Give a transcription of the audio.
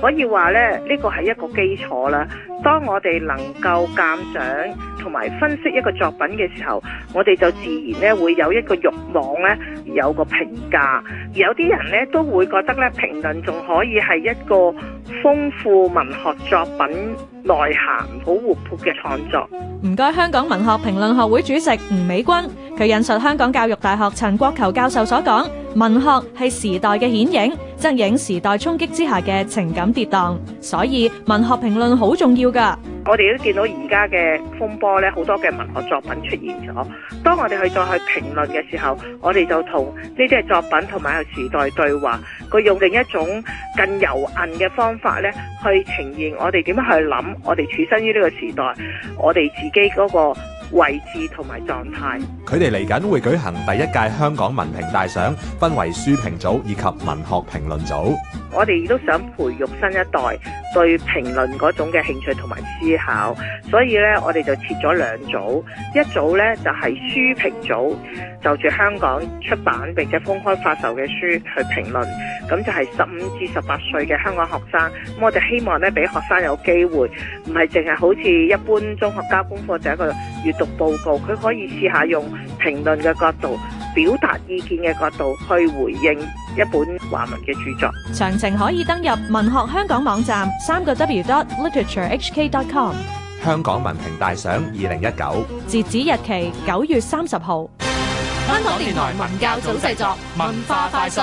可以話咧，呢個係一個基礎啦。當我哋能夠鑑賞同埋分析一個作品嘅時候，我哋就自然咧會有一個慾望咧，有個評價。而有啲人咧都會覺得咧，評論仲可以係一個。豐富文學作品內涵，好活潑嘅創作。唔該，香港文學評論學會主席吳美君，佢引述香港教育大學陳國球教授所講：文學係時代嘅顯影，折射時代衝擊之下嘅情感跌宕。所以，文學評論好重要噶。我哋都見到而家嘅風波咧，好多嘅文學作品出現咗。當我哋去再去評論嘅時候，我哋就同呢啲嘅作品同埋個時代對話。佢用另一種更柔韌嘅方法咧，去呈現我哋點樣去諗我哋處身於呢個時代，我哋自己嗰個位置同埋狀態，佢哋嚟緊會舉行第一屆香港文評大賞，分為書評組以及文學評論組。我哋亦都想培育新一代對評論嗰種嘅興趣同埋思考，所以咧我哋就設咗兩組，一組咧就係書評組，就住香港出版並且公開發售嘅書去評論，咁就係十五至十八歲嘅香港學生。咁我哋希望咧俾學生有機會，唔係淨係好似一般中學交功課就一個。閱讀報告，佢可以試下用評論嘅角度，表達意見嘅角度去回應一本華文嘅著作。詳情可以登入文學香港網站，三個 w dot literature hk dot com。香港文評大賞二零一九，截止日期九月三十號。香港電台文教組製作，文化快訊。